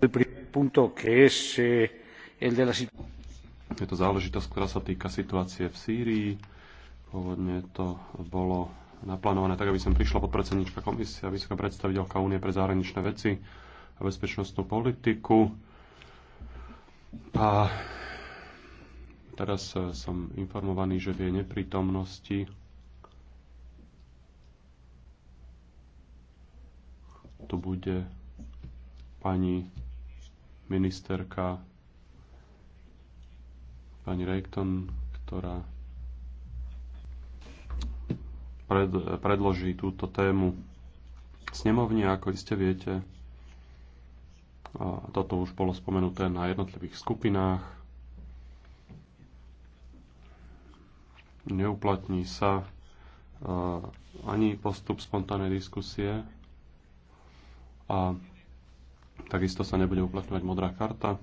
Eh, Je to záležitosť, ktorá sa týka situácie v Sýrii. Pôvodne to bolo naplánované tak, aby som prišla podpredsednička komisie a vysoká predstaviteľka Únie pre zahraničné veci a bezpečnostnú politiku. A teraz eh, som informovaný, že v jej neprítomnosti tu bude pani ministerka pani Rejkton, ktorá pred, predloží túto tému snemovne, ako iste viete. Toto už bolo spomenuté na jednotlivých skupinách. Neuplatní sa ani postup spontánnej diskusie a Takisto sa nebude uplatňovať modrá karta.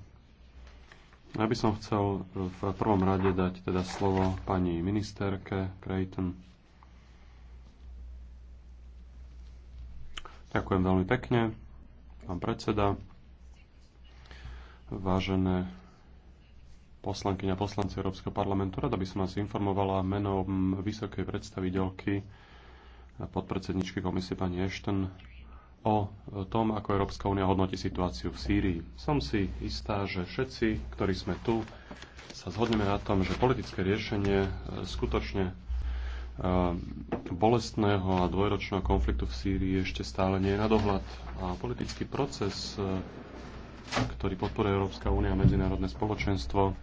Ja by som chcel v prvom rade dať teda slovo pani ministerke Creighton. Ďakujem veľmi pekne, pán predseda, vážené poslankyňa poslanci Európskeho parlamentu. Rada by som vás informovala menom vysokej predstaviteľky podpredsedničky komisie pani Ashton o tom, ako Európska únia hodnotí situáciu v Sýrii. Som si istá, že všetci, ktorí sme tu, sa zhodneme na tom, že politické riešenie e, skutočne e, bolestného a dvojročného konfliktu v Sýrii ešte stále nie je na dohľad. A politický proces, e, ktorý podporuje Európska únia a medzinárodné spoločenstvo,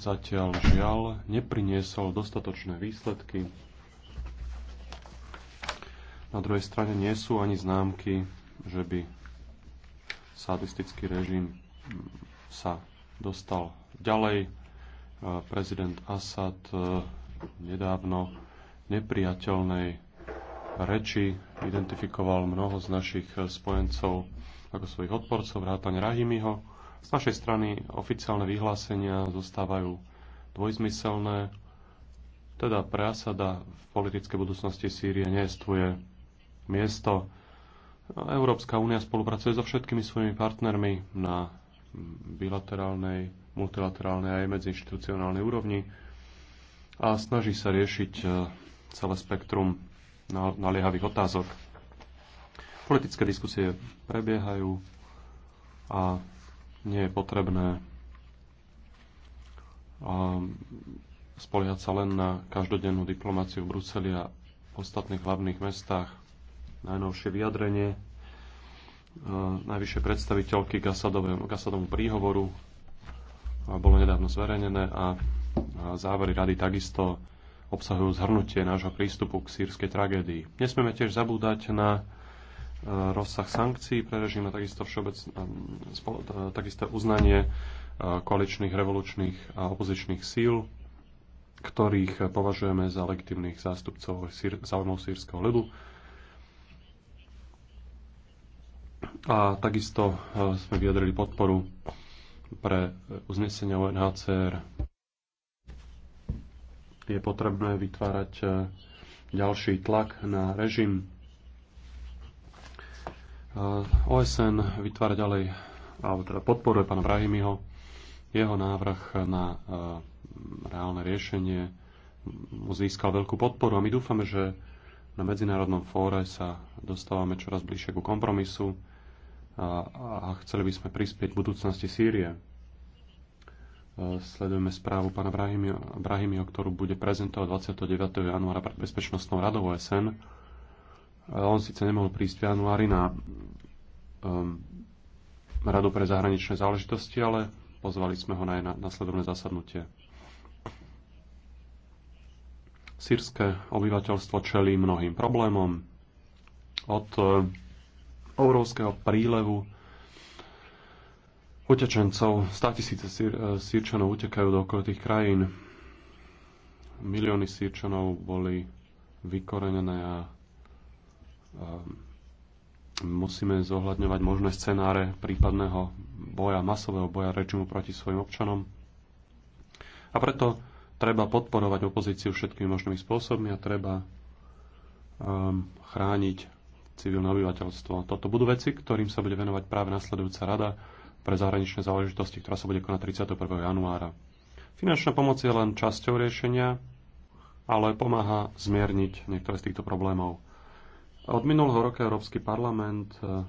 zatiaľ žiaľ nepriniesol dostatočné výsledky na druhej strane nie sú ani známky, že by sadistický režim mm, sa dostal ďalej. E, prezident Assad e, nedávno nepriateľnej reči identifikoval mnoho z našich e, spojencov ako svojich odporcov, vrátane Rahimiho. Z našej strany oficiálne vyhlásenia zostávajú dvojzmyselné, teda pre Asada v politickej budúcnosti Sýrie neestuje miesto. Európska únia spolupracuje so všetkými svojimi partnermi na bilaterálnej, multilaterálnej aj medziinstitucionálnej úrovni a snaží sa riešiť e, celé spektrum naliehavých otázok. Politické diskusie prebiehajú a nie je potrebné spoliehať sa len na každodennú diplomáciu v Bruseli a v ostatných hlavných mestách najnovšie vyjadrenie e, najvyššej predstaviteľky k Asadovému príhovoru. E, bolo nedávno zverejnené a závery rady takisto obsahujú zhrnutie nášho prístupu k sírskej tragédii. Nesmieme tiež zabúdať na e, rozsah sankcií pre režim a takisto, takisto uznanie koaličných, revolučných a opozičných síl, ktorých považujeme za legitimných zástupcov záujmov sírskeho ľudu A takisto e, sme vyjadrili podporu pre uznesenia UNHCR. Je potrebné vytvárať e, ďalší tlak na režim. E, OSN vytvára ďalej, alebo teda podporuje pána Brahimiho, jeho návrh na reálne riešenie mu získal veľkú podporu a my dúfame, že na medzinárodnom fóre sa dostávame čoraz bližšie ku kompromisu a, a chceli by sme prispieť v budúcnosti Sýrie. E, sledujeme správu pána Brahimio, ktorú bude prezentovať 29. januára pred Bezpečnostnou radou OSN. E, on síce nemohol prísť v januári na um, Radu pre zahraničné záležitosti, ale pozvali sme ho na nasledovné zasadnutie. Sýrske obyvateľstvo čelí mnohým problémom. Od obrovského prílevu utečencov. Stá tisíce e, sírčanov utekajú do okolitých krajín. Milióny sírčanov boli vykorenené a, a e, musíme zohľadňovať možné scenáre prípadného boja, masového boja režimu proti svojim občanom. A preto treba podporovať opozíciu všetkými možnými spôsobmi a treba um, chrániť civilné obyvateľstvo. Toto budú veci, ktorým sa bude venovať práve nasledujúca rada pre zahraničné záležitosti, ktorá sa bude konať 31. januára. Finančná pomoc je len časťou riešenia, ale pomáha zmierniť niektoré z týchto problémov. Od minulého roka Európsky parlament e,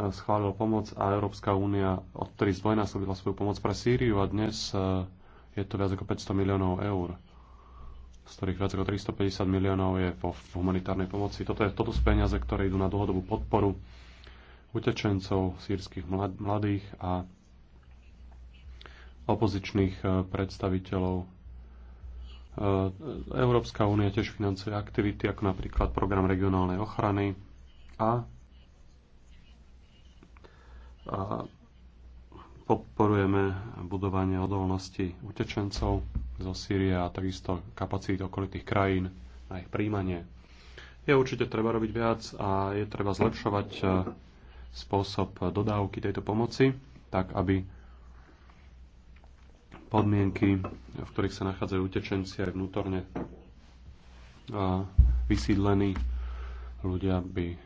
e, schválil pomoc a Európska únia od odtedy zdvojnásobila svoju pomoc pre Sýriu a dnes e, je to viac ako 500 miliónov eur z ktorých viac ako 350 miliónov je vo humanitárnej pomoci. Toto, je, toto sú peniaze, ktoré idú na dlhodobú podporu utečencov, sírskych mladých a opozičných e, predstaviteľov. E, Európska únia tiež financuje aktivity ako napríklad program regionálnej ochrany a, a podporujeme budovanie odolnosti utečencov zo Sýrie a takisto kapacít okolitých krajín na ich príjmanie. Je určite treba robiť viac a je treba zlepšovať e, spôsob dodávky tejto pomoci, tak aby podmienky, v ktorých sa nachádzajú utečenci aj vnútorne e, vysídlení ľudia by,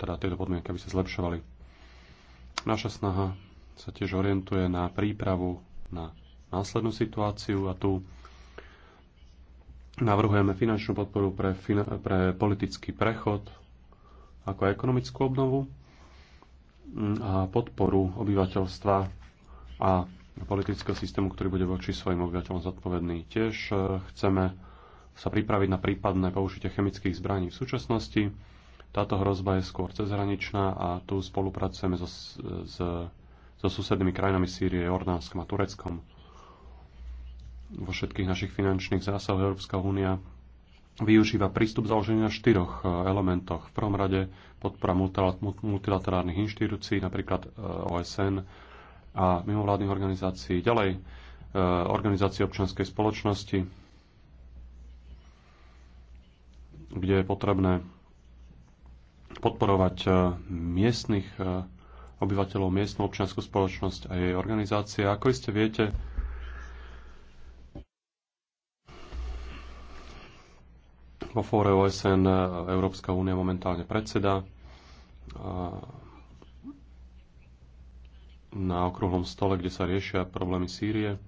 teda tieto podmienky by sa zlepšovali. Naša snaha sa tiež orientuje na prípravu na následnú situáciu a tu navrhujeme finančnú podporu pre, pre politický prechod ako ekonomickú obnovu mm, a podporu obyvateľstva a politického systému, ktorý bude voči svojim obyvateľom zodpovedný. Tiež e, chceme sa pripraviť na prípadné použitie chemických zbraní v súčasnosti. Táto hrozba je skôr cezhraničná a tu spolupracujeme so, so, e, so susednými krajinami Sýrie, Jordánskom a Tureckom vo všetkých našich finančných zásahoch Európska únia využíva prístup založený na štyroch e, elementoch. V prvom rade podpora multilaterálnych inštitúcií, napríklad e, OSN a mimovládnych organizácií. Ďalej e, organizácie občianskej spoločnosti, kde je potrebné podporovať miestnych obyvateľov, miestnu občianskú spoločnosť a jej organizácie. Ako iste viete, Vo fóre OSN e, Európska únia momentálne predseda. Na okrúhlom stole, kde sa riešia problémy Sýrie.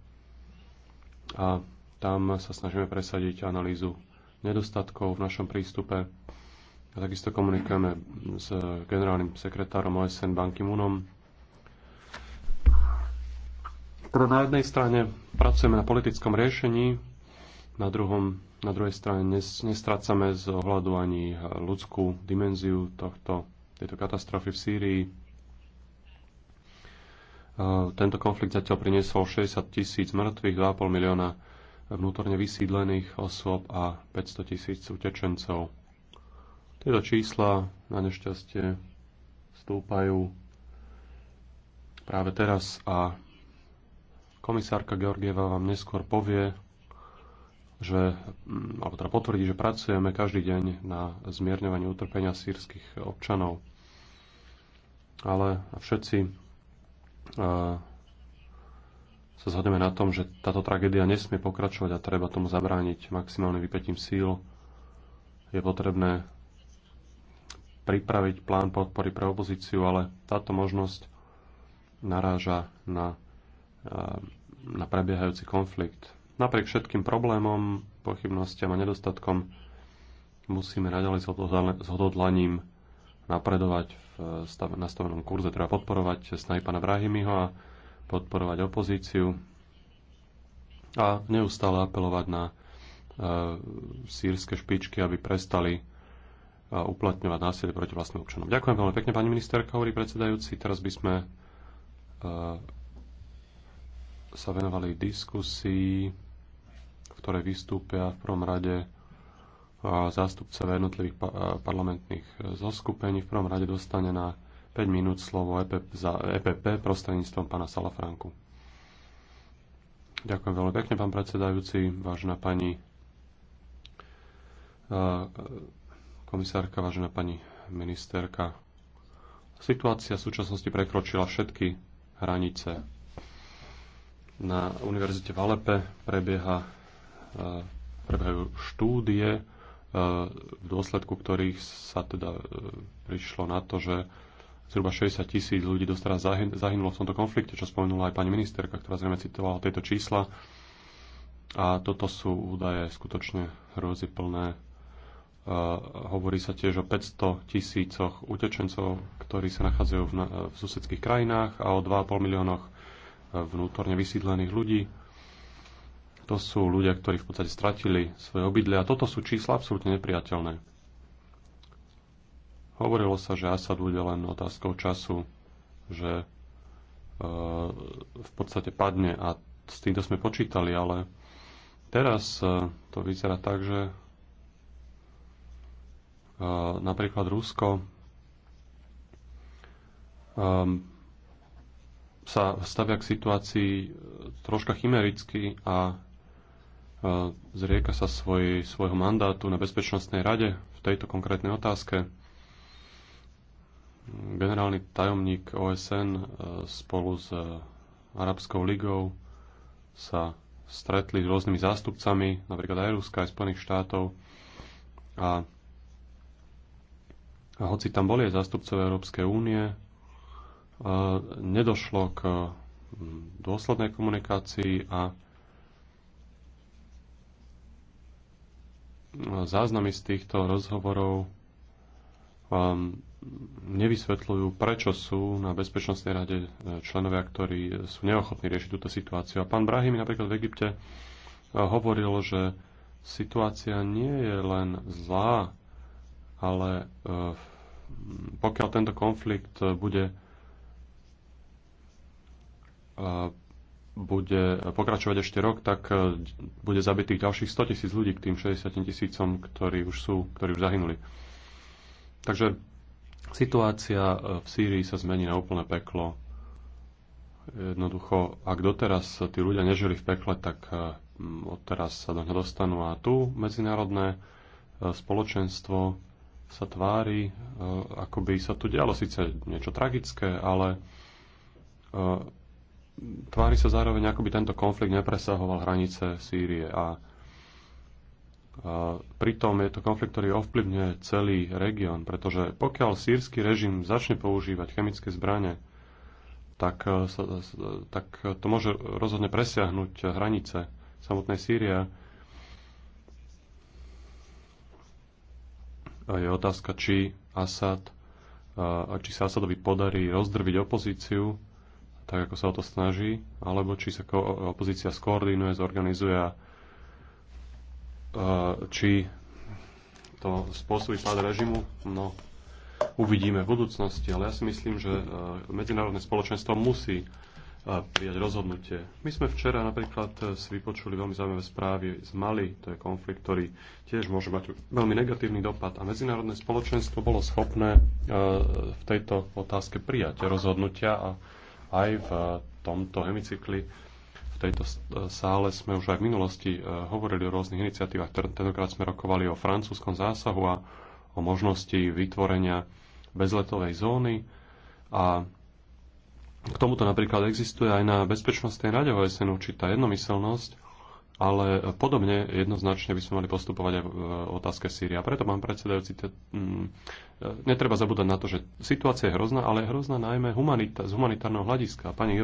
A tam sa snažíme presadiť analýzu nedostatkov v našom prístupe. A takisto komunikujeme s generálnym sekretárom OSN Banky Munom. Teda na jednej strane pracujeme na politickom riešení, na druhom na druhej strane nestrácame z ohľadu ani eh, ľudskú dimenziu tohto, tejto katastrofy v Sýrii. Eh, tento konflikt zatiaľ priniesol 60 tisíc mŕtvych, 2,5 milióna vnútorne vysídlených osôb a 500 tisíc utečencov. Tieto čísla na nešťastie stúpajú práve teraz a komisárka Georgieva vám neskôr povie, že, mm, alebo teda potvrdí, že pracujeme každý deň na zmierňovaní utrpenia sírskych občanov. Ale všetci e, sa zhodneme na tom, že táto tragédia nesmie pokračovať a treba tomu zabrániť maximálnym vypetím síl. Je potrebné pripraviť plán podpory pre opozíciu, ale táto možnosť naráža na, e, na prebiehajúci konflikt Napriek všetkým problémom, pochybnostiam a nedostatkom musíme naďalej s hododlaním napredovať v stav, nastavenom kurze. Treba podporovať snahy pána Brahimiho a podporovať opozíciu a neustále apelovať na e, sírske špičky, aby prestali e, uplatňovať násilie proti vlastným občanom. Ďakujem veľmi pekne, pani ministerka, hovorí predsedajúci. Teraz by sme e, sa venovali diskusii ktoré vystúpia v prvom rade zástupca jednotlivých parlamentných zoskupení. V prvom rade dostane na 5 minút slovo EPP, za EPP prostredníctvom pána Salafranku. Ďakujem veľmi pekne, pán predsedajúci, vážená pani komisárka, vážená pani ministerka. Situácia v súčasnosti prekročila všetky hranice. Na univerzite v Alepe prebieha E, prebiehajú štúdie, e, v dôsledku ktorých sa teda e, prišlo na to, že zhruba 60 tisíc ľudí doteraz zahynulo v tomto konflikte, čo spomenula aj pani ministerka, ktorá zrejme citovala tieto čísla. A toto sú údaje skutočne plné. Hovorí sa tiež o 500 tisícoch utečencov, ktorí sa nachádzajú v, v susedských krajinách a o 2,5 miliónoch vnútorne vysídlených ľudí to sú ľudia, ktorí v podstate stratili svoje obydlie a toto sú čísla absolútne nepriateľné. Hovorilo sa, že Asad bude len otázkou času, že e, v podstate padne a s týmto sme počítali, ale teraz e, to vyzerá tak, že e, napríklad Rusko sa stavia k situácii troška chimericky a zrieka sa svoj, svojho mandátu na Bezpečnostnej rade v tejto konkrétnej otázke. Generálny tajomník OSN e, spolu s e, Arabskou ligou sa stretli s rôznymi zástupcami, napríklad aj Ruska, aj Spojených štátov. A, a hoci tam boli aj zástupcov Európskej únie, e, nedošlo k dôslednej komunikácii a záznamy z týchto rozhovorov vám um, nevysvetľujú, prečo sú na Bezpečnostnej rade e, členovia, ktorí sú neochotní riešiť túto situáciu. A pán Brahimi napríklad v Egypte e, hovoril, že situácia nie je len zlá, ale e, pokiaľ tento konflikt bude bude pokračovať ešte rok, tak e, bude zabitých ďalších 100 tisíc ľudí k tým 60 tisícom, ktorí už sú, ktorí už zahynuli. Takže situácia e, v Sýrii sa zmení na úplné peklo. Jednoducho, ak doteraz tí ľudia nežili v pekle, tak e, odteraz sa do ňa dostanú. A tu medzinárodné spoločenstvo sa tvári, ako by sa tu dialo síce niečo tragické, ale tvári sa zároveň, ako by tento konflikt nepresahoval hranice Sýrie. A, a pritom je to konflikt, ktorý ovplyvňuje celý región, pretože pokiaľ sírsky režim začne používať chemické zbranie, tak, e, tak to môže rozhodne presiahnuť hranice samotnej Sýrie. Je otázka, či Asad e, či sa Asadovi podarí rozdrviť opozíciu tak ako sa o to snaží, alebo či sa opozícia skoordinuje, zorganizuje a či to spôsobí pád režimu. No, uvidíme v budúcnosti, ale ja si myslím, že e, medzinárodné spoločenstvo musí e, prijať rozhodnutie. My sme včera napríklad e, si vypočuli veľmi zaujímavé správy z Mali, to je konflikt, ktorý tiež môže mať veľmi negatívny dopad a medzinárodné spoločenstvo bolo schopné v tejto otázke prijať rozhodnutia a aj v eh, tomto hemicykli. V tejto eh, sále sme už aj v minulosti eh, hovorili o rôznych iniciatívach. Tentokrát sme rokovali o francúzskom zásahu a o možnosti vytvorenia bezletovej zóny. A k tomuto napríklad existuje aj na Bezpečnostnej rade OSN určitá jednomyselnosť, ale podobne jednoznačne by sme mali postupovať aj v otázke Sýrie. A preto, pán predsedajúci, te, mm, netreba zabúdať na to, že situácia je hrozná, ale je hrozná najmä humanita- z humanitárneho hľadiska. Pani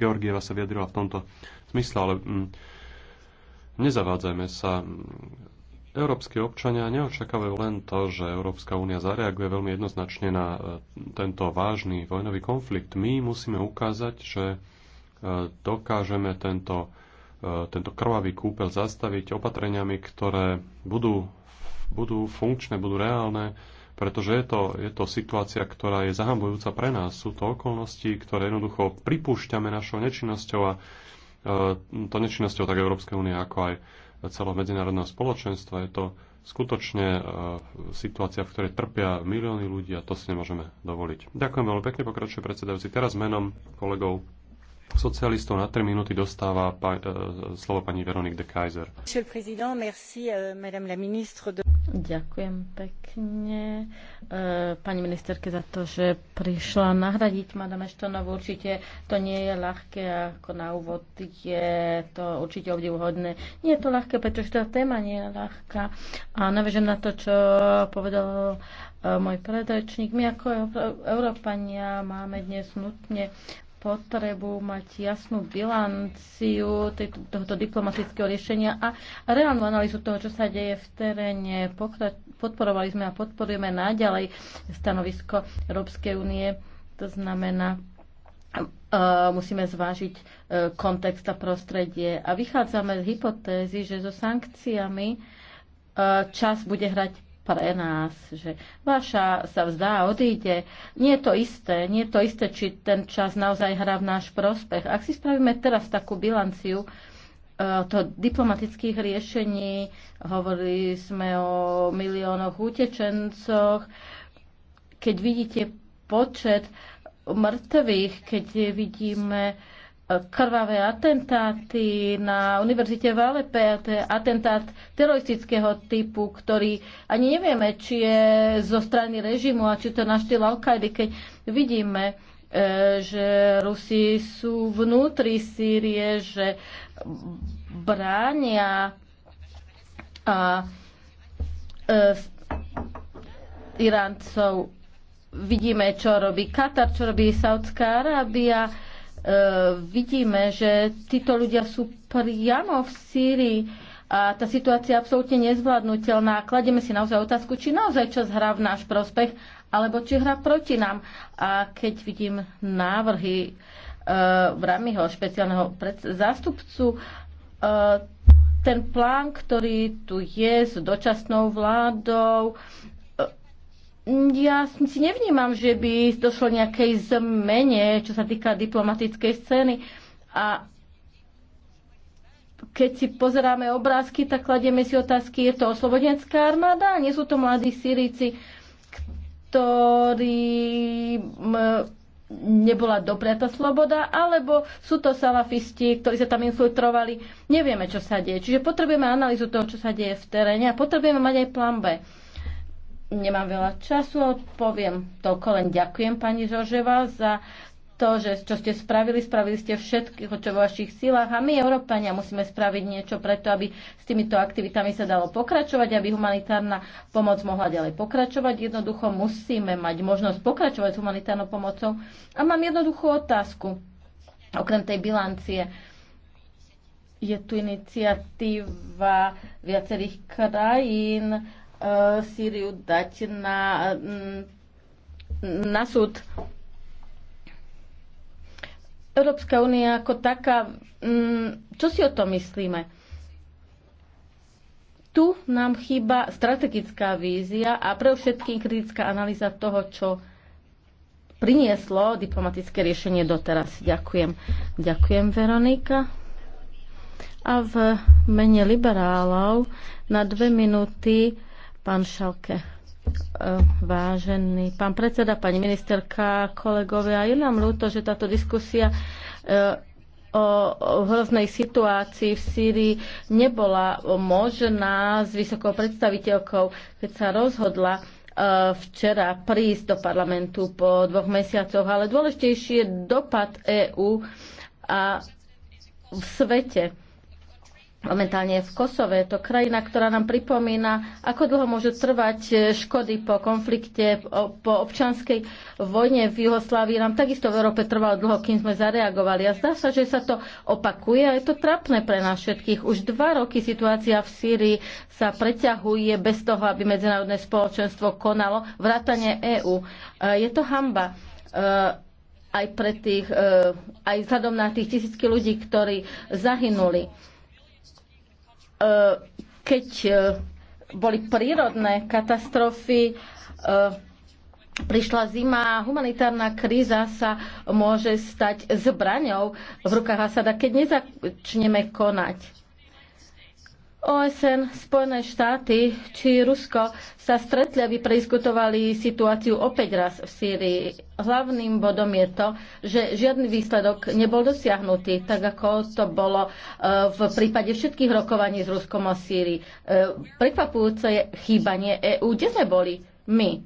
Georgieva sa vyjadrila v tomto zmysle, ale mm, nezavádzajme sa. Európske občania neočakávajú len to, že Európska únia zareaguje veľmi jednoznačne na e, tento vážny vojnový konflikt. My musíme ukázať, že e, dokážeme tento E, tento krvavý kúpel zastaviť opatreniami, ktoré budú, budú funkčné, budú reálne, pretože je to, je to situácia, ktorá je zahambujúca pre nás. Sú to okolnosti, ktoré jednoducho pripúšťame našou nečinnosťou a e, to nečinnosťou tak Európskej únie, ako aj celého medzinárodného spoločenstva. Je to skutočne e, situácia, v ktorej trpia milióny ľudí a to si nemôžeme dovoliť. Ďakujem veľmi pekne, pokračuje predsedajúci. Teraz menom kolegov socialistov na 3 minúty dostáva pa, e, slovo pani Veronique de Kaiser. E, Ďakujem pekne e, pani ministerke za to, že prišla nahradiť madame Eštonovu. Určite to nie je ľahké, ako na úvod je to určite obdivuhodné. Nie je to ľahké, pretože tá téma nie je ľahká. A navežem na to, čo povedal e, môj predrečník. My ako Európania máme dnes nutne potrebu mať jasnú bilanciu tohto diplomatického riešenia a reálnu analýzu toho, čo sa deje v teréne. Podporovali sme a podporujeme naďalej stanovisko Európskej únie. To znamená, e, musíme zvážiť e, kontext a prostredie. A vychádzame z hypotézy, že so sankciami e, čas bude hrať pre nás, že vaša sa vzdá, odíde. Nie je to isté, nie je to isté, či ten čas naozaj hrá v náš prospech. Ak si spravíme teraz takú bilanciu, e, to diplomatických riešení, hovorili sme o miliónoch utečencoch. Keď vidíte počet mŕtvych, keď vidíme krvavé atentáty na univerzite v Alepe, atentát teroristického typu, ktorý ani nevieme, či je zo strany režimu a či to na štýl al keď vidíme, e, že Rusi sú vnútri Sýrie, že bránia a e, Iráncov vidíme, čo robí Katar, čo robí Saudská Arábia E, vidíme, že títo ľudia sú priamo v Sýrii a tá situácia je absolútne nezvládnutelná. Kladieme si naozaj otázku, či naozaj čas hrá v náš prospech, alebo či hrá proti nám. A keď vidím návrhy v e, Vramiho, špeciálneho zástupcu, e, ten plán, ktorý tu je s dočasnou vládou, ja si nevnímam, že by došlo nejakej zmene, čo sa týka diplomatickej scény. A keď si pozeráme obrázky, tak kladieme si otázky, je to oslobodenská armáda, nie sú to mladí Syrici, ktorí nebola dobrá tá sloboda, alebo sú to salafisti, ktorí sa tam infiltrovali. Nevieme, čo sa deje. Čiže potrebujeme analýzu toho, čo sa deje v teréne a potrebujeme mať aj plán B nemám veľa času, ale poviem toľko len ďakujem pani Žoževa za to, že čo ste spravili, spravili ste všetko, čo vo vašich silách a my, Európania, musíme spraviť niečo preto, aby s týmito aktivitami sa dalo pokračovať, aby humanitárna pomoc mohla ďalej pokračovať. Jednoducho musíme mať možnosť pokračovať s humanitárnou pomocou. A mám jednoduchú otázku, okrem tej bilancie je tu iniciatíva viacerých krajín Eh, Sýriu dať na, mm, na súd. Európska únia ako taká, mm, čo si o tom myslíme? Tu nám chýba strategická vízia a pre všetkým kritická analýza toho, čo prinieslo diplomatické riešenie doteraz. Ďakujem. Ďakujem, Veronika. A v mene liberálov na dve minúty Pán Šalke, e, vážený pán predseda, pani ministerka, kolegovia, je nám ľúto, že táto diskusia e, o hroznej situácii v Sýrii nebola možná s vysokou predstaviteľkou, keď sa rozhodla e, včera prísť do parlamentu po dvoch mesiacoch, ale dôležitejší je dopad EÚ a v svete momentálne v Kosove. je To krajina, ktorá nám pripomína, ako dlho môžu trvať e, škody po konflikte, po občanskej vojne v Juhoslávii. Nám takisto v Európe trvalo dlho, kým sme zareagovali. A zdá sa, že sa to opakuje a je to trapné pre nás všetkých. Už dva roky situácia v Sýrii sa preťahuje bez toho, aby medzinárodné spoločenstvo konalo vrátanie EÚ. E, je to hamba e, aj pre tých, aj vzhľadom na tých tisícky ľudí, ktorí zahynuli Eh, keď eh, boli prírodné katastrofy, eh, prišla zima humanitárna kríza sa môže stať zbraňou v rukách Asada, keď nezačneme konať OSN, Spojené štáty či Rusko sa stretli, aby prediskutovali situáciu opäť raz v Sýrii. Hlavným bodom je to, že žiadny výsledok nebol dosiahnutý, tak ako to bolo e, v prípade všetkých rokovaní s Ruskom o Sýrii. E, prekvapujúce je chýbanie EÚ. Kde sme boli? My.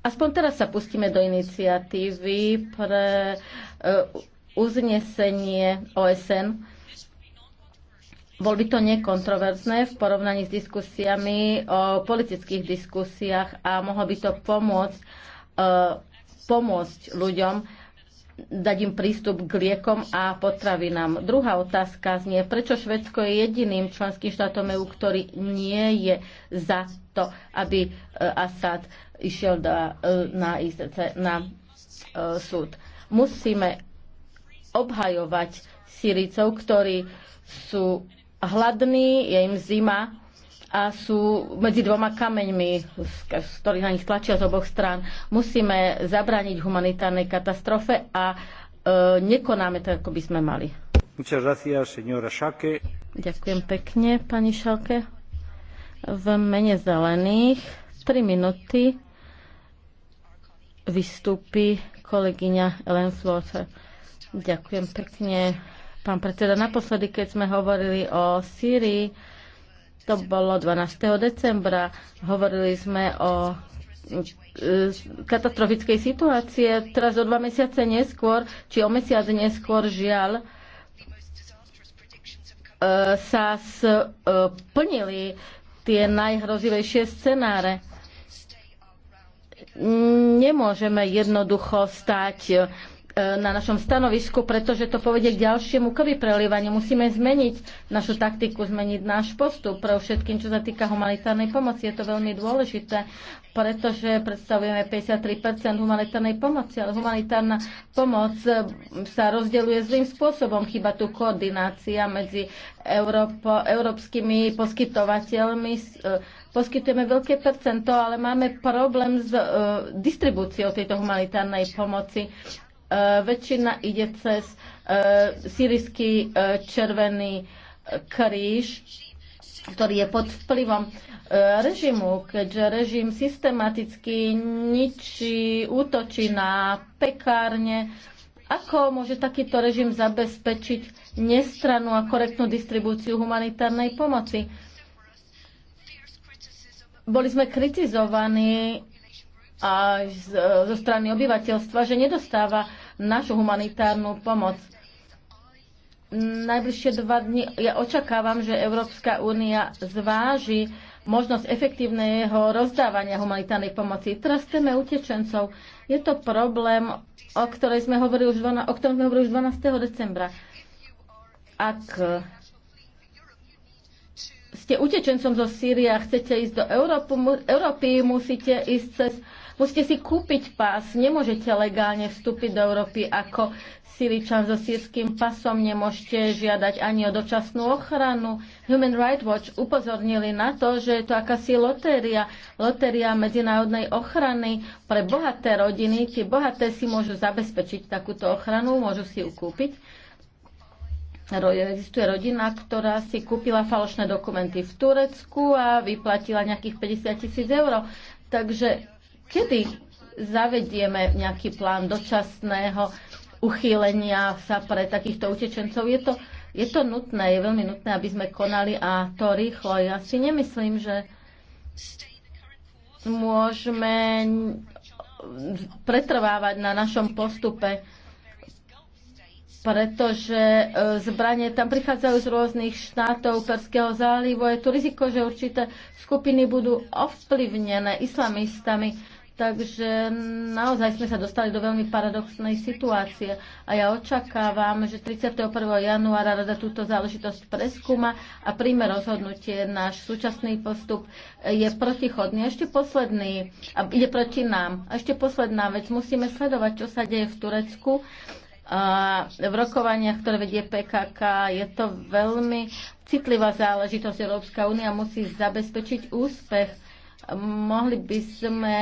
Aspoň teraz sa pustíme do iniciatívy pre e, uznesenie OSN bol by to nekontroverzné v porovnaní s diskusiami o politických diskusiách a mohlo by to pomôcť, eh, pomôcť ľuďom dať im prístup k liekom a potravinám. Druhá otázka znie, prečo Švedsko je jediným členským štátom EU, ktorý nie je za to, aby eh, Assad išiel eh, na, na, ICC, na súd. Musíme obhajovať Syrícov, ktorí sú hladní, je im zima a sú medzi dvoma kameňmi, z ktorých na nich tlačia z oboch strán. Musíme zabrániť humanitárnej katastrofe a e, nekonáme to, ako by sme mali. Ďakujem pekne, pani Šalke. V mene zelených 3 minúty vystúpi kolegyňa Ellen Slaughter. Ďakujem pekne. Pán predseda, naposledy, keď sme hovorili o Sýrii, to bolo 12. decembra, hovorili sme o e, katastrofickej situácie. Teraz o dva mesiace neskôr, či o mesiac neskôr, žiaľ, e, sa splnili e, tie najhrozivejšie scenáre. Nemôžeme jednoducho stať E, na našom stanovisku, pretože to povedie k ďalšiemu krvi prelievaniu. Musíme zmeniť našu taktiku, zmeniť náš postup. Pre všetkým, čo sa týka humanitárnej pomoci, je to veľmi dôležité, pretože predstavujeme 53 humanitárnej pomoci, ale humanitárna pomoc e, sa rozdeľuje zlým spôsobom. Chyba tu koordinácia medzi Európo, európskymi poskytovateľmi. E, poskytujeme veľké percento, ale máme problém s distribúciou tejto humanitárnej pomoci E, väčšina ide cez e, sírisky e, červený kríž, ktorý je pod vplyvom režimu, keďže režim systematicky ničí, útočí na pekárne. Ako môže takýto režim zabezpečiť nestrannú a korektnú distribúciu humanitárnej pomoci? Boli sme kritizovaní a zo strany obyvateľstva, že nedostáva našu humanitárnu pomoc. Najbližšie dva dni ja očakávam, že Európska únia zváži možnosť efektívneho rozdávania humanitárnej pomoci. Teraz téme utečencov. Je to problém, o, ktorej sme hovorili už, o ktorom sme hovorili už 12. decembra. Ak ste utečencom zo Sýrie a chcete ísť do Európu, Európy, musíte ísť cez Musíte si kúpiť pás, nemôžete legálne vstúpiť do Európy ako Syričan so sírským pasom, nemôžete žiadať ani o dočasnú ochranu. Human Rights Watch upozornili na to, že je to akási lotéria, lotéria medzinárodnej ochrany pre bohaté rodiny. Tie bohaté si môžu zabezpečiť takúto ochranu, môžu si ju kúpiť existuje rodina, ktorá si kúpila falošné dokumenty v Turecku a vyplatila nejakých 50 tisíc eur. Takže kedy zavedieme nejaký plán dočasného uchýlenia sa pre takýchto utečencov. Je to, je to nutné, je veľmi nutné, aby sme konali a to rýchlo. Ja si nemyslím, že môžeme pretrvávať na našom postupe, pretože e, zbranie tam prichádzajú z rôznych štátov Perského zálivu. Je tu riziko, že určité skupiny budú ovplyvnené islamistami Takže naozaj sme sa dostali do veľmi paradoxnej situácie a ja očakávam, že 31. januára rada túto záležitosť preskúma a príjme rozhodnutie. Náš súčasný postup je protichodný. ešte posledný, a ide proti nám. ešte posledná vec, musíme sledovať, čo sa deje v Turecku. A v rokovaniach, ktoré vedie PKK, je to veľmi citlivá záležitosť. Európska únia musí zabezpečiť úspech mohli by sme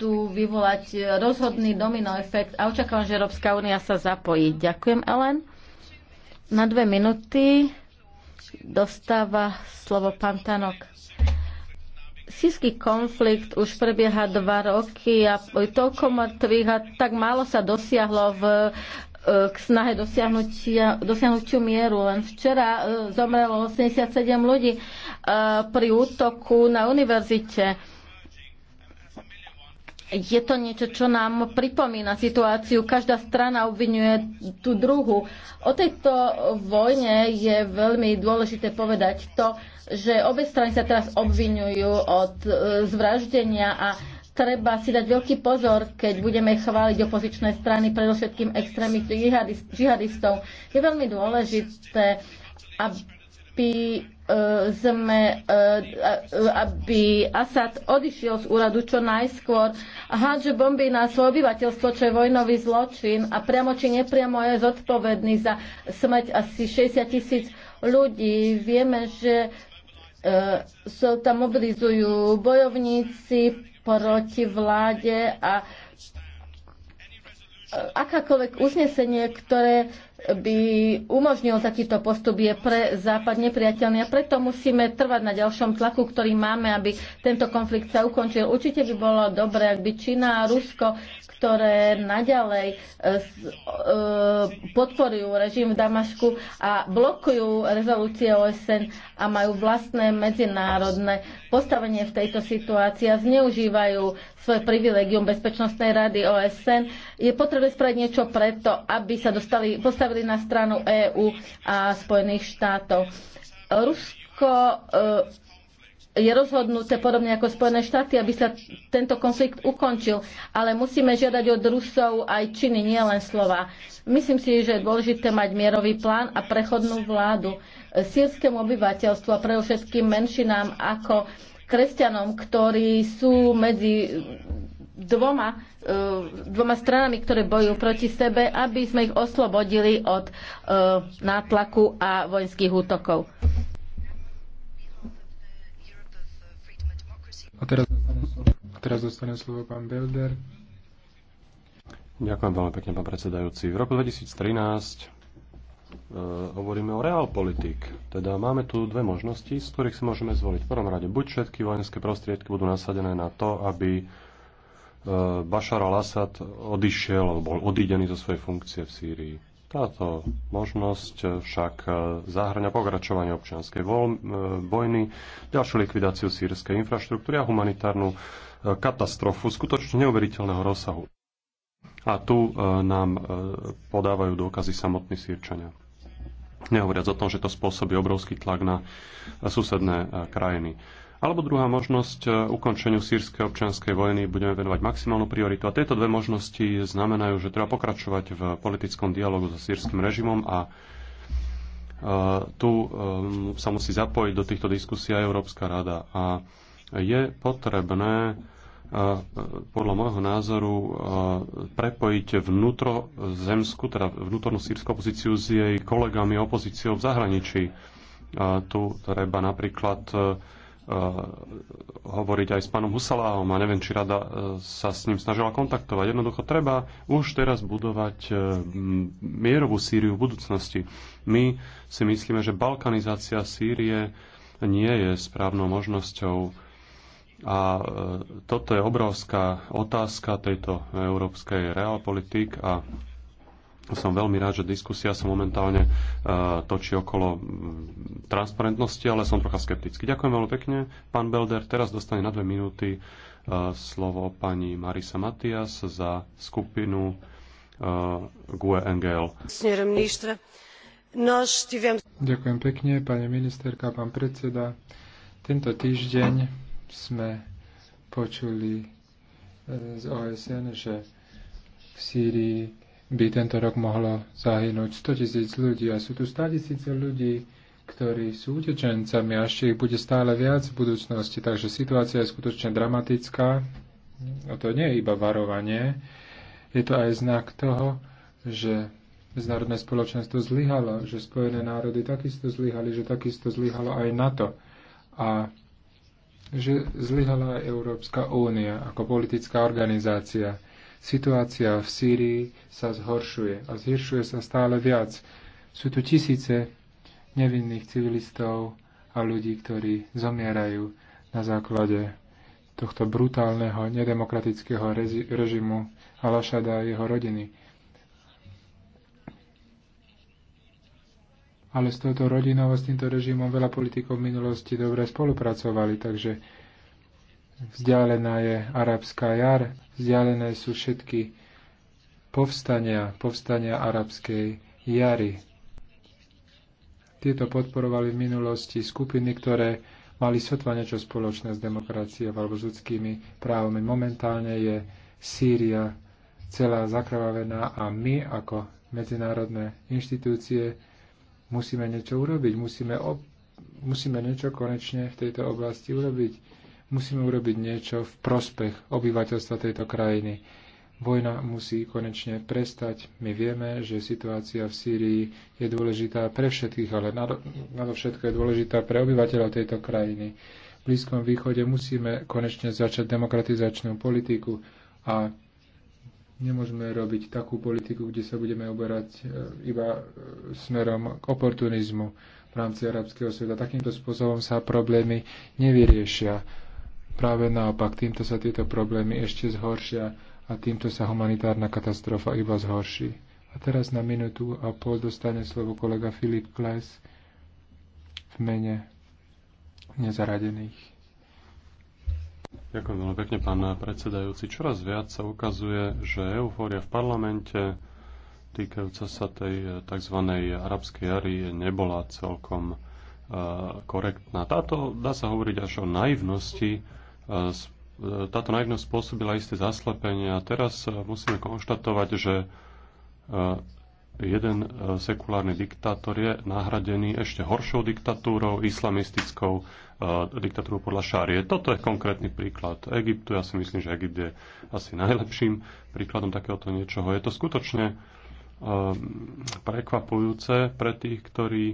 tu vyvolať rozhodný domino efekt a očakávam, že Európska únia sa zapojí. Ďakujem, Ellen. Na dve minúty dostáva slovo pán Tanok. Sírsky konflikt už prebieha dva roky a toľko mŕtvych a tak málo sa dosiahlo v k snahe dosiahnutiu mieru. Len včera e, zomrelo 87 ľudí e, pri útoku na univerzite. Je to niečo, čo nám pripomína situáciu. Každá strana obvinuje tú druhu. O tejto vojne je veľmi dôležité povedať to, že obe strany sa teraz obvinujú od e, zvraždenia a treba si dať veľký pozor, keď budeme chváliť opozičné strany, predovšetkým extrémnych žihadistov. Je veľmi dôležité, aby e, sme, e, aby Asad odišiel z úradu čo najskôr a hádže bomby na svoje obyvateľstvo, čo je vojnový zločin a priamo či nepriamo je zodpovedný za smrť asi 60 tisíc ľudí. Vieme, že e, sa tam mobilizujú bojovníci, proti vláde a akákoľvek uznesenie, ktoré by umožnil takýto postup, je pre Západ nepriateľný a preto musíme trvať na ďalšom tlaku, ktorý máme, aby tento konflikt sa ukončil. Určite by bolo dobré, ak by Čína a Rusko, ktoré naďalej e, e, podporujú režim v Damašku a blokujú rezolúcie OSN a majú vlastné medzinárodné postavenie v tejto situácii a zneužívajú svoje privilegium Bezpečnostnej rady OSN. Je potrebné spraviť niečo preto, aby sa dostali, postavili postavili na stranu EÚ a Spojených štátov. Rusko e, je rozhodnuté, podobne ako Spojené štáty, aby sa tento konflikt ukončil, ale musíme žiadať od Rusov aj činy, nielen slova. Myslím si, že je dôležité mať mierový plán a prechodnú vládu sírskému obyvateľstvu a pre všetkým menšinám ako kresťanom, ktorí sú medzi dvoma, e, dvoma stranami, ktoré bojujú proti sebe, aby sme ich oslobodili od e, nátlaku a vojenských útokov. A teraz, teraz dostane slovo pán Belder. Ďakujem veľmi pekne, pán predsedajúci. V roku 2013 e, hovoríme o realpolitik. Teda máme tu dve možnosti, z ktorých si môžeme zvoliť. V prvom rade buď všetky vojenské prostriedky budú nasadené na to, aby Eh, Bashar al-Assad odišiel, alebo bol odídený zo svojej funkcie v Sýrii. Táto možnosť však eh, zahrňa pokračovanie občianskej eh, vojny, ďalšiu likvidáciu sírskej infraštruktúry a humanitárnu katastrofu skutočne neuveriteľného rozsahu. A tu nám podávajú dôkazy samotní sírčania. Nehovoriac o tom, že to spôsobí obrovský tlak na susedné krajiny. Alebo druhá možnosť, e, ukončeniu sírskej občianskej vojny budeme venovať maximálnu prioritu. A tieto dve možnosti znamenajú, že treba pokračovať v politickom dialogu so sírskym režimom a e, tu e, sa musí zapojiť do týchto diskusí aj Európska rada. A je potrebné podľa môjho názoru prepojiť vnútrozemskú, teda vnútornú sírskú opozíciu s jej kolegami opozíciou v zahraničí. Tu treba napríklad Eh, hovoriť aj s pánom Husaláhom a neviem, či rada eh, sa s ním snažila kontaktovať. Jednoducho treba už teraz budovať eh, mierovú Sýriu v budúcnosti. My si myslíme, že balkanizácia Sýrie nie je správnou možnosťou a toto je obrovská otázka tejto európskej realpolitik a som veľmi rád, že diskusia sa momentálne uh, točí okolo mm, transparentnosti, ale som trocha skeptický. Ďakujem veľmi pekne. Pán Belder, teraz dostane na dve minúty uh, slovo pani Marisa Matias za skupinu uh, GUE NGL. Ďakujem pekne, pani ministerka, pán predseda. Tento týždeň sme počuli z OSN, že v Sýrii by tento rok mohlo zahynúť 100 tisíc ľudí a sú tu 100 tisíce ľudí, ktorí sú utečencami a ešte ich bude stále viac v budúcnosti, takže situácia je skutočne dramatická. A to nie je iba varovanie, je to aj znak toho, že medzinárodné spoločenstvo zlyhalo, že Spojené národy takisto zlyhali, že takisto zlyhalo aj NATO a že zlyhala aj Európska únia ako politická organizácia. Situácia v Sýrii sa zhoršuje a zhoršuje sa stále viac. Sú tu tisíce nevinných civilistov a ľudí, ktorí zomierajú na základe tohto brutálneho, nedemokratického režimu Alašada a jeho rodiny. Ale s touto rodinou a s týmto režimom veľa politikov v minulosti dobre spolupracovali, takže Vzdialená je arabská jar, vzdialené sú všetky povstania, povstania arabskej jary. Tieto podporovali v minulosti skupiny, ktoré mali sotva niečo spoločné s demokraciou alebo s ľudskými právami. Momentálne je Sýria celá zakrvavená a my ako medzinárodné inštitúcie musíme niečo urobiť, musíme, musíme niečo konečne v tejto oblasti urobiť Musíme urobiť niečo v prospech obyvateľstva tejto krajiny. Vojna musí konečne prestať. My vieme, že situácia v Sýrii je dôležitá pre všetkých, ale nadovšetko je dôležitá pre obyvateľov tejto krajiny. V Blízkom východe musíme konečne začať demokratizačnú politiku a nemôžeme robiť takú politiku, kde sa budeme oberať e, iba e, smerom k oportunizmu v rámci arabského sveta. Takýmto spôsobom sa problémy nevyriešia. Práve naopak, týmto sa tieto problémy ešte zhoršia a týmto sa humanitárna katastrofa iba zhorší. A teraz na minútu a pol dostane slovo kolega Filip Kles v mene nezaradených. Ďakujem veľmi pekne, pán predsedajúci. Čoraz viac sa ukazuje, že eufória v parlamente týkajúca sa tej eh, tzv. arabskej jary nebola celkom eh, korektná. Táto dá sa hovoriť až o naivnosti E, táto naivnosť spôsobila isté zaslepenie a teraz e, musíme konštatovať, že e, jeden sekulárny diktátor je nahradený ešte horšou diktatúrou, islamistickou diktatúrou podľa šárie. Toto je konkrétny príklad Egyptu. Ja si myslím, že Egypt je asi najlepším príkladom takéhoto niečoho. Je to skutočne prekvapujúce pre tých, ktorí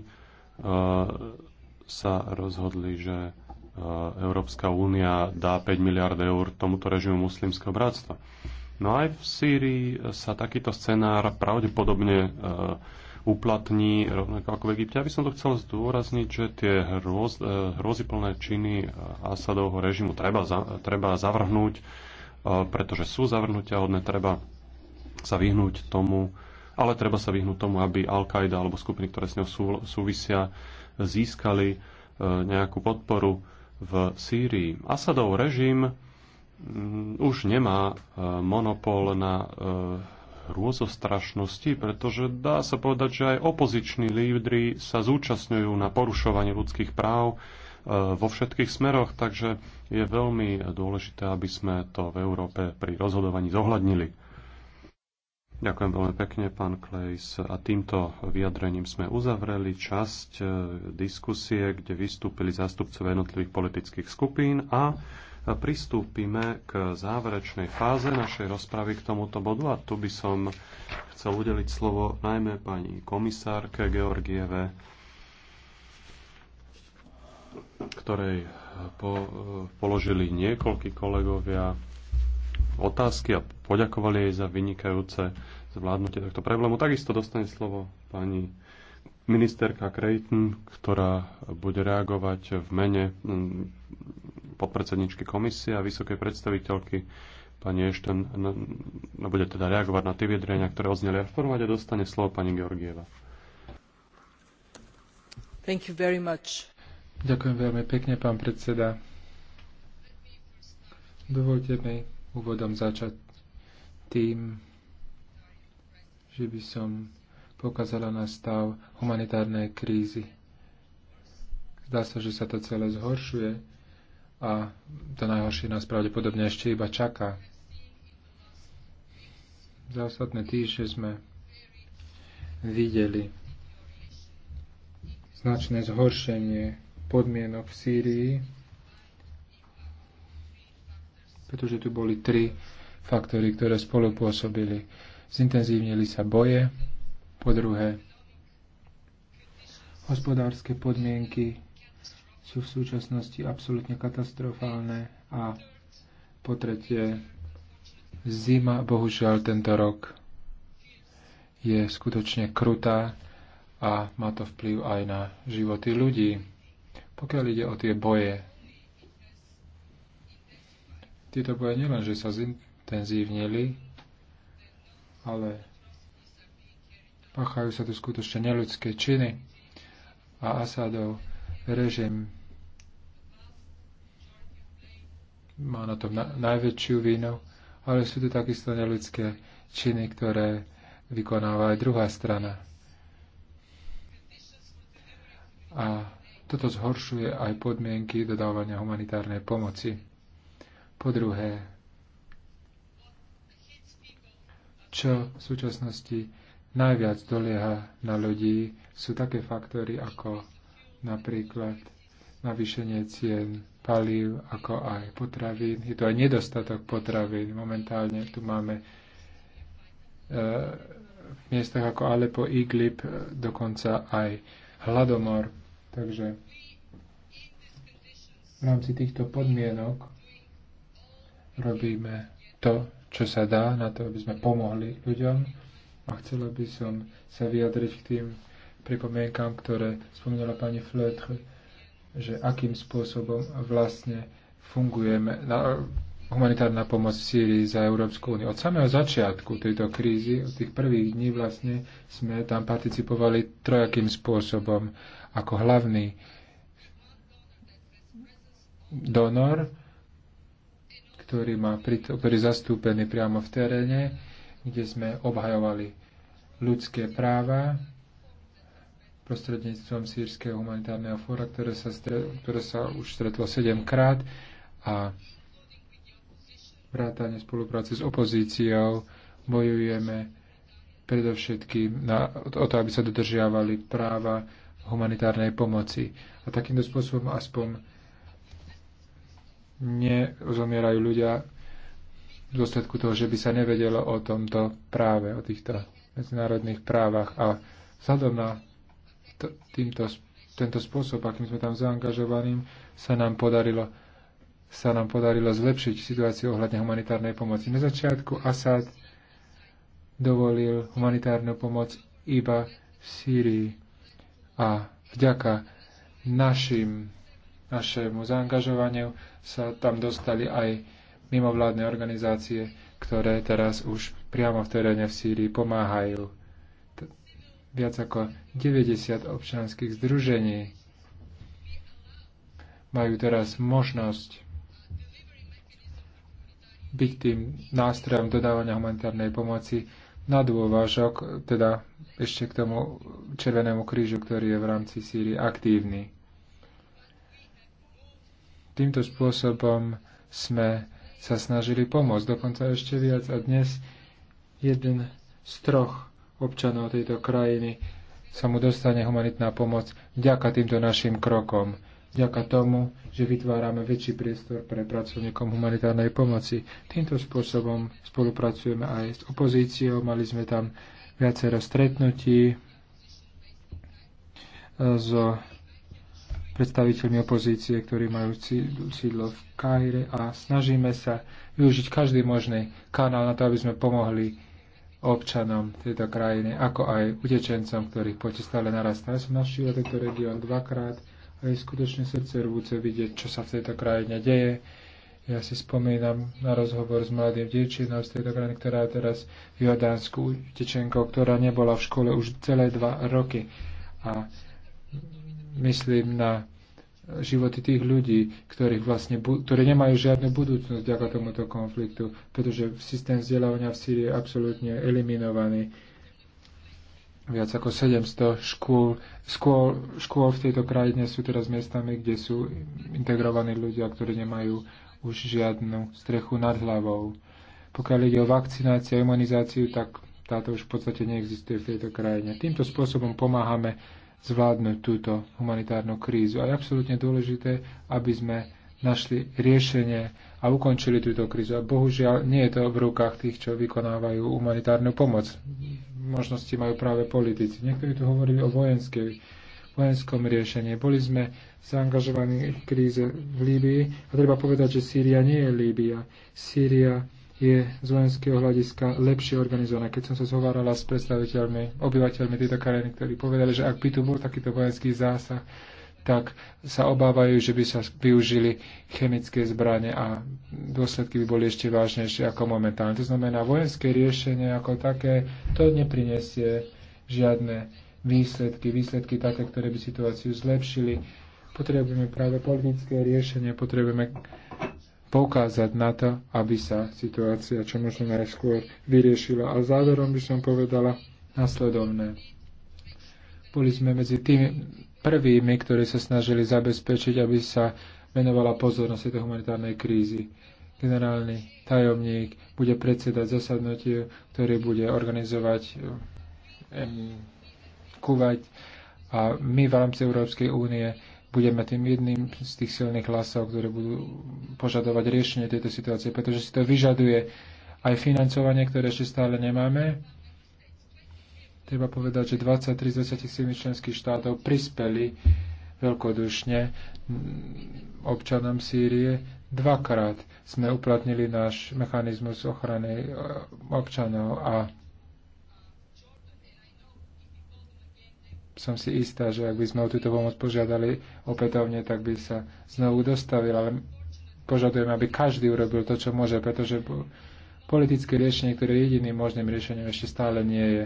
sa rozhodli, že Eh, Európska únia dá 5 miliard eur tomuto režimu muslimského bratstva. No aj v Sýrii sa takýto scenár pravdepodobne eh, uplatní, rovnako ako v Egypte. Ja by som to chcel zdôrazniť, že tie hrôz, eh, hrôziplné činy Asadovho režimu treba, za, treba zavrhnúť, pretože sú zavrhnutia hodné, treba sa vyhnúť tomu, ale treba sa vyhnúť tomu, aby Al-Qaida alebo skupiny, ktoré s ňou sú, súvisia, získali nejakú podporu v Sýrii. Asadov režim mm, už nemá e, monopol na e, hrôzostrašnosti, pretože dá sa povedať, že aj opoziční lídry sa zúčastňujú na porušovanie ľudských práv e, vo všetkých smeroch, takže je veľmi dôležité, aby sme to v Európe pri rozhodovaní zohľadnili. Ďakujem veľmi pekne, pán Klejs. A týmto vyjadrením sme uzavreli časť e, diskusie, kde vystúpili zástupcov jednotlivých politických skupín a e, pristúpime k záverečnej fáze našej rozpravy k tomuto bodu. A tu by som chcel udeliť slovo najmä pani komisárke Georgieve, ktorej e, po, položili niekoľkí kolegovia otázky a poďakovali jej za vynikajúce zvládnutie tohto problému. Takisto dostane slovo pani ministerka Creighton, ktorá bude reagovať v mene mm, podpredsedničky komisie a vysokej predstaviteľky pani Ešten no, no, bude teda reagovať na tie vyjadrenia, ktoré odzneli a v prvom rade dostane slovo pani Georgieva. Thank you very much. Ďakujem veľmi pekne, pán predseda. Dovolte mi úvodom začať tým, že by som pokázala na stav humanitárnej krízy. Zdá sa, že sa to celé zhoršuje a to najhoršie nás pravdepodobne ešte iba čaká. Za ostatné týždne sme videli značné zhoršenie podmienok v Sýrii, pretože tu boli tri faktory, ktoré spolu pôsobili. Zintenzívnili sa boje, po druhé, hospodárske podmienky sú v súčasnosti absolútne katastrofálne a po tretie, zima bohužiaľ tento rok je skutočne krutá a má to vplyv aj na životy ľudí. Pokiaľ ide o tie boje, tieto boje nielen, že sa zintenzívnili, ale páchajú sa tu skutočne neľudské činy a Asadov režim má na tom na, najväčšiu vínu, ale sú tu takisto neludské činy, ktoré vykonáva aj druhá strana. A toto zhoršuje aj podmienky dodávania humanitárnej pomoci. Po druhé, čo v súčasnosti najviac dolieha na ľudí, sú také faktory ako napríklad navýšenie cien palív, ako aj potravín. Je to aj nedostatok potravín. Momentálne tu máme e, v miestach ako Alepo, Iglip, dokonca aj hladomor. Takže v rámci týchto podmienok Robíme to, čo sa dá na to, aby sme pomohli ľuďom a chcela by som sa vyjadriť k tým pripomienkám, ktoré spomínala pani Flötre, že akým spôsobom vlastne fungujeme na humanitárna pomoc v Sýrii za Európsku úniu. Od samého začiatku tejto krízy, od tých prvých dní vlastne sme tam participovali trojakým spôsobom ako hlavný donor, ktorý, má, ktorý zastúpený priamo v teréne, kde sme obhajovali ľudské práva prostredníctvom sírskeho humanitárneho fóra, ktoré sa, ktoré sa už stretlo 7 krát a vrátane spolupráce s opozíciou bojujeme predovšetkým na, o to, aby sa dodržiavali práva humanitárnej pomoci. A takýmto spôsobom aspoň nezomierajú ľudia v dôsledku toho, že by sa nevedelo o tomto práve, o týchto medzinárodných právach. A vzhľadom na týmto, tento spôsob, akým sme tam zaangažovaní, sa nám podarilo sa nám podarilo zlepšiť situáciu ohľadne humanitárnej pomoci. Na začiatku Asad dovolil humanitárnu pomoc iba v Sýrii a vďaka našim našemu zaangažovaniu sa tam dostali aj mimovládne organizácie, ktoré teraz už priamo v teréne v Sýrii pomáhajú. Viac ako 90 občanských združení majú teraz možnosť byť tým nástrojom dodávania humanitárnej pomoci na dôvažok, teda ešte k tomu Červenému krížu, ktorý je v rámci Sýrii aktívny. Týmto spôsobom sme sa snažili pomôcť, dokonca ešte viac. A dnes jeden z troch občanov tejto krajiny sa mu dostane humanitná pomoc vďaka týmto našim krokom. Vďaka tomu, že vytvárame väčší priestor pre pracovníkom humanitárnej pomoci. Týmto spôsobom spolupracujeme aj s opozíciou. Mali sme tam viacero stretnutí e, so predstaviteľmi opozície, ktorí majú sídlo v Káhire a snažíme sa využiť každý možný kanál na to, aby sme pomohli občanom tejto krajiny, ako aj utečencom, ktorých počet stále narastá. Ja som navštívil tento región dvakrát a je skutočne srdce rúce vidieť, čo sa v tejto krajine deje. Ja si spomínam na rozhovor s mladým dievčinou z tejto krajiny, ktorá je teraz v Jordánsku utečenkou, ktorá nebola v škole už celé dva roky. A myslím na životy tých ľudí, ktorých vlastne, ktorí nemajú žiadnu budúcnosť ďaká tomuto konfliktu, pretože systém vzdelávania v Sýrii je absolútne eliminovaný. Viac ako 700 škôl, škôl, škôl v tejto krajine sú teraz miestami, kde sú integrovaní ľudia, ktorí nemajú už žiadnu strechu nad hlavou. Pokiaľ ide o vakcináciu a imunizáciu, tak táto už v podstate neexistuje v tejto krajine. Týmto spôsobom pomáhame zvládnuť túto humanitárnu krízu. A je absolútne dôležité, aby sme našli riešenie a ukončili túto krízu. A bohužiaľ nie je to v rukách tých, čo vykonávajú humanitárnu pomoc. Možnosti majú práve politici. Niektorí tu hovorili o vojenskej, vojenskom riešení. Boli sme zaangažovaní v kríze v Líbii a treba povedať, že Sýria nie je Líbia. Sýria je z vojenského hľadiska lepšie organizované. Keď som sa zhovárala s predstaviteľmi, obyvateľmi tejto krajiny, ktorí povedali, že ak by tu bol takýto vojenský zásah, tak sa obávajú, že by sa využili chemické zbranie a dôsledky by boli ešte vážnejšie ako momentálne. To znamená, vojenské riešenie ako také, to neprinesie žiadne výsledky, výsledky také, ktoré by situáciu zlepšili. Potrebujeme práve politické riešenie, potrebujeme poukázať na to, aby sa situácia čo možno najskôr vyriešila. A záverom by som povedala nasledovné. Boli sme medzi tými prvými, ktorí sa snažili zabezpečiť, aby sa venovala pozornosť tejto humanitárnej krízy. Generálny tajomník bude predsedať zasadnutie, ktoré bude organizovať um, a my v rámci Európskej únie budeme tým jedným z tých silných hlasov, ktoré budú požadovať riešenie tejto situácie, pretože si to vyžaduje aj financovanie, ktoré ešte stále nemáme. Treba povedať, že 23 z 27 členských štátov prispeli veľkodušne občanom Sýrie. Dvakrát sme uplatnili náš mechanizmus ochrany e, občanov a som si istá, že ak by sme o túto pomoc požiadali opätovne, tak by sa znovu dostavil, ale požadujem, aby každý urobil to, čo môže, pretože politické riešenie, ktoré je jediným možným riešením, ešte stále nie je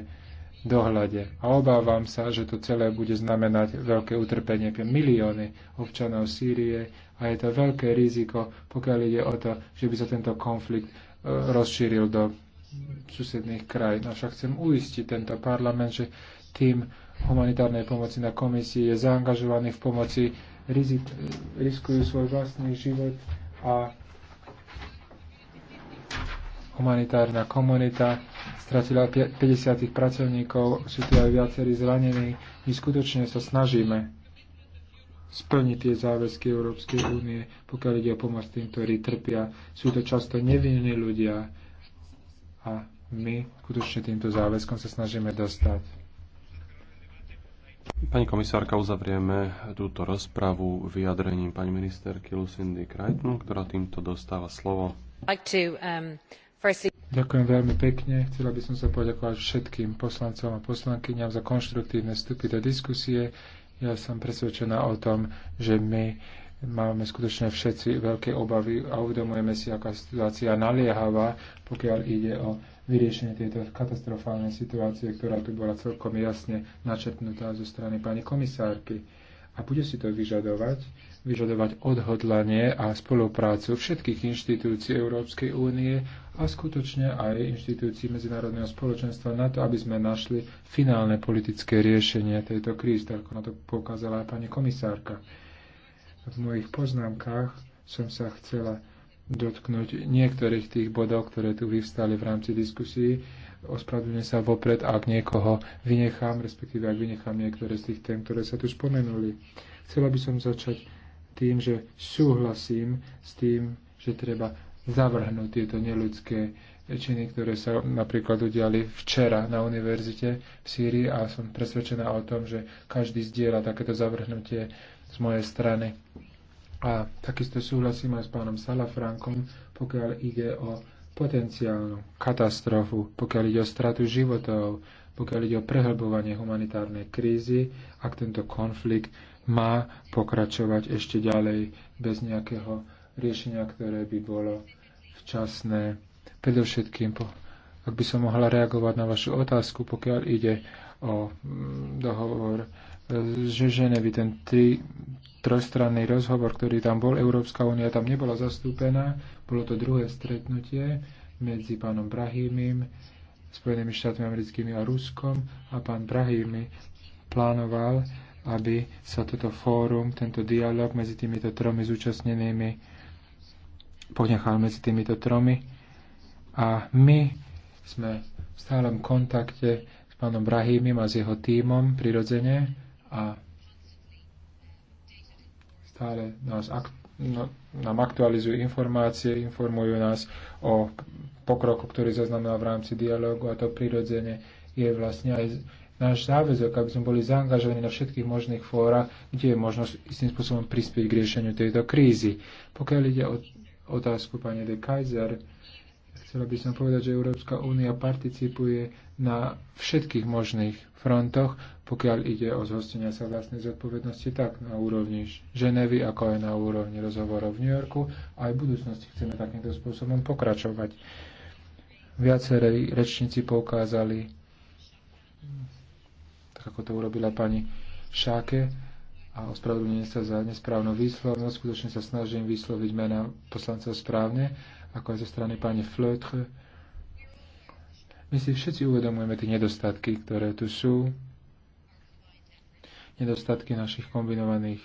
dohľade. A obávam sa, že to celé bude znamenať veľké utrpenie pre milióny občanov Sýrie a je to veľké riziko, pokiaľ ide o to, že by sa tento konflikt e, rozšíril do susedných krajín. Avšak chcem uistiť tento parlament, že tým humanitárnej pomoci na komisii, je zaangažovaný v pomoci, rizik, riskujú svoj vlastný život a humanitárna komunita stratila 50 pracovníkov, sú tu aj viacerí zranení. My skutočne sa snažíme splniť tie záväzky Európskej únie, pokiaľ ide o pomoc tým, ktorí trpia. Sú to často nevinní ľudia a my skutočne týmto záväzkom sa snažíme dostať. Pani komisárka, uzavrieme túto rozpravu vyjadrením pani ministerky Lucindy Crichton, ktorá týmto dostáva slovo. Um, Ďakujem veľmi pekne. Chcela by som sa poďakovať všetkým poslancom a poslankyňam za konštruktívne vstupy do diskusie. Ja som presvedčená o tom, že my máme skutočne všetci veľké obavy a uvedomujeme si, aká situácia naliehavá, pokiaľ ide o vyriešenie tejto katastrofálnej situácie, ktorá tu bola celkom jasne načrtnutá zo strany pani komisárky. A bude si to vyžadovať, vyžadovať odhodlanie a spoluprácu všetkých inštitúcií Európskej únie a skutočne aj inštitúcií medzinárodného spoločenstva na to, aby sme našli finálne politické riešenie tejto krízy, tak ako na to poukázala aj pani komisárka. V mojich poznámkach som sa chcela dotknúť niektorých tých bodov, ktoré tu vyvstali v rámci diskusí. Ospravedlňujem sa vopred, ak niekoho vynechám, respektíve ak vynechám niektoré z tých tém, ktoré sa tu spomenuli. Chcela by som začať tým, že súhlasím s tým, že treba zavrhnúť tieto neludské činy, ktoré sa napríklad udiali včera na univerzite v Sýrii a som presvedčená o tom, že každý zdieľa takéto zavrhnutie z mojej strany. A takisto súhlasím aj s pánom Salafrankom, pokiaľ ide o potenciálnu katastrofu, pokiaľ ide o stratu životov, pokiaľ ide o prehlbovanie humanitárnej krízy, ak tento konflikt má pokračovať ešte ďalej bez nejakého riešenia, ktoré by bolo včasné, predovšetkým po ak by som mohla reagovať na vašu otázku, pokiaľ ide o mm, dohovor z e, Ženevy, ten tri, trojstranný rozhovor, ktorý tam bol, Európska únia tam nebola zastúpená, bolo to druhé stretnutie medzi pánom Brahimim, Spojenými štátmi americkými a Ruskom a pán Brahimi plánoval, aby sa toto fórum, tento dialog medzi týmito tromi zúčastnenými ponechal medzi týmito tromi. A my sme v stálom kontakte s pánom Brahimim a s jeho tímom prirodzene a stále nás ak- no, nám aktualizujú informácie, informujú nás o pokroku, ktorý zaznamenal v rámci dialogu a to prirodzene je vlastne aj náš záväzok, aby sme boli zaangažovaní na všetkých možných fórach, kde je možnosť istým spôsobom prispieť k riešeniu tejto krízy. Pokiaľ ide o otázku pani de Kaiser, Chcela by som povedať, že Európska únia participuje na všetkých možných frontoch, pokiaľ ide o zhostenia sa vlastnej zodpovednosti tak na úrovni Ženevy, ako aj na úrovni rozhovorov v New Yorku. Aj v budúcnosti chceme takýmto spôsobom pokračovať. Viacerí rečníci poukázali, tak ako to urobila pani Šáke, a ospravedlňujem sa za nesprávnu výslovnosť. Skutočne sa snažím vysloviť mena poslancov správne ako aj zo strany pani Flötre. My si všetci uvedomujeme tie nedostatky, ktoré tu sú, nedostatky našich kombinovaných,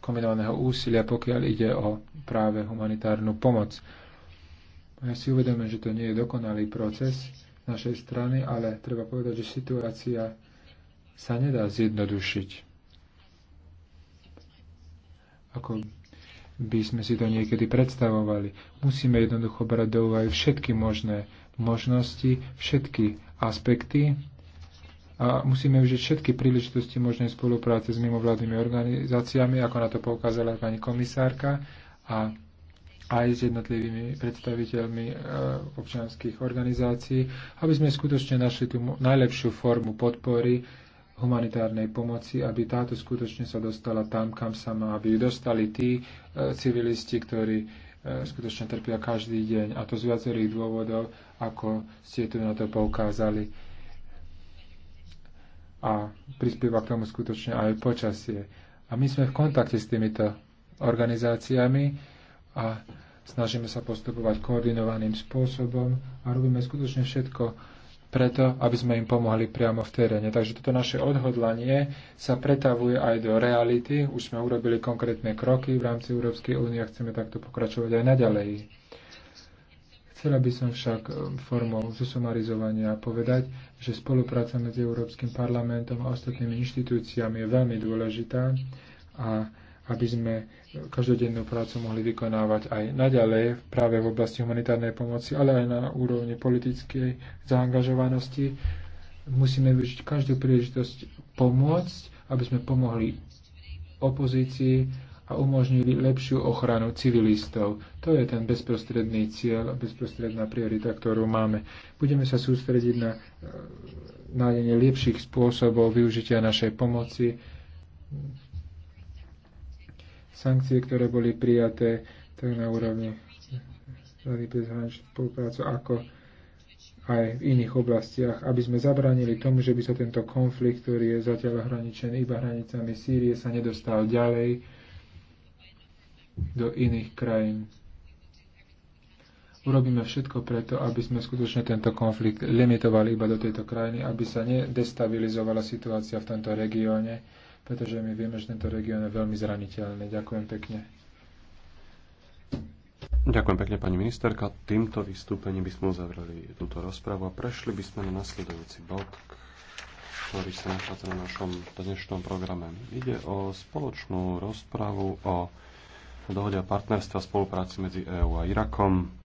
kombinovaného úsilia, pokiaľ ide o práve humanitárnu pomoc. Ja si uvedomujem, že to nie je dokonalý proces z našej strany, ale treba povedať, že situácia sa nedá zjednodušiť. Ako by sme si to niekedy predstavovali. Musíme jednoducho brať do úvahy všetky možné možnosti, všetky aspekty a musíme užiť všetky príležitosti možnej spolupráce s mimovládnymi organizáciami, ako na to poukázala pani komisárka a aj s jednotlivými predstaviteľmi e, občianských organizácií, aby sme skutočne našli tú najlepšiu formu podpory humanitárnej pomoci, aby táto skutočne sa dostala tam, kam sa má, aby ju dostali tí e, civilisti, ktorí e, skutočne trpia každý deň a to z viacerých dôvodov, ako ste tu na to poukázali. A prispieva k tomu skutočne aj počasie. A my sme v kontakte s týmito organizáciami a snažíme sa postupovať koordinovaným spôsobom a robíme skutočne všetko, preto, aby sme im pomohli priamo v teréne. Takže toto naše odhodlanie sa pretavuje aj do reality. Už sme urobili konkrétne kroky v rámci Európskej únie a chceme takto pokračovať aj naďalej. Chcela by som však e, formou zosumarizovania povedať, že spolupráca medzi Európskym parlamentom a ostatnými inštitúciami je veľmi dôležitá a aby sme každodennú prácu mohli vykonávať aj naďalej práve v oblasti humanitárnej pomoci, ale aj na úrovni politickej zaangažovanosti. Musíme využiť každú príležitosť pomôcť, aby sme pomohli opozícii a umožnili lepšiu ochranu civilistov. To je ten bezprostredný cieľ, bezprostredná priorita, ktorú máme. Budeme sa sústrediť na nájdenie lepších spôsobov využitia našej pomoci sankcie, ktoré boli prijaté tak na úrovni rady pre zahraničnú spoluprácu, ako aj v iných oblastiach, aby sme zabránili tomu, že by sa tento konflikt, ktorý je zatiaľ ohraničený iba hranicami Sýrie, sa nedostal ďalej do iných krajín. Urobíme všetko preto, aby sme skutočne tento konflikt limitovali iba do tejto krajiny, aby sa nedestabilizovala situácia v tomto regióne pretože my vieme, že tento región je veľmi zraniteľný. Ďakujem pekne. Ďakujem pekne, pani ministerka. Týmto vystúpením by sme uzavreli túto rozpravu a prešli by sme na nasledujúci bod, ktorý sa nachádza na našom dnešnom programe. Ide o spoločnú rozpravu o dohode o partnerstve a spolupráci medzi EÚ a Irakom.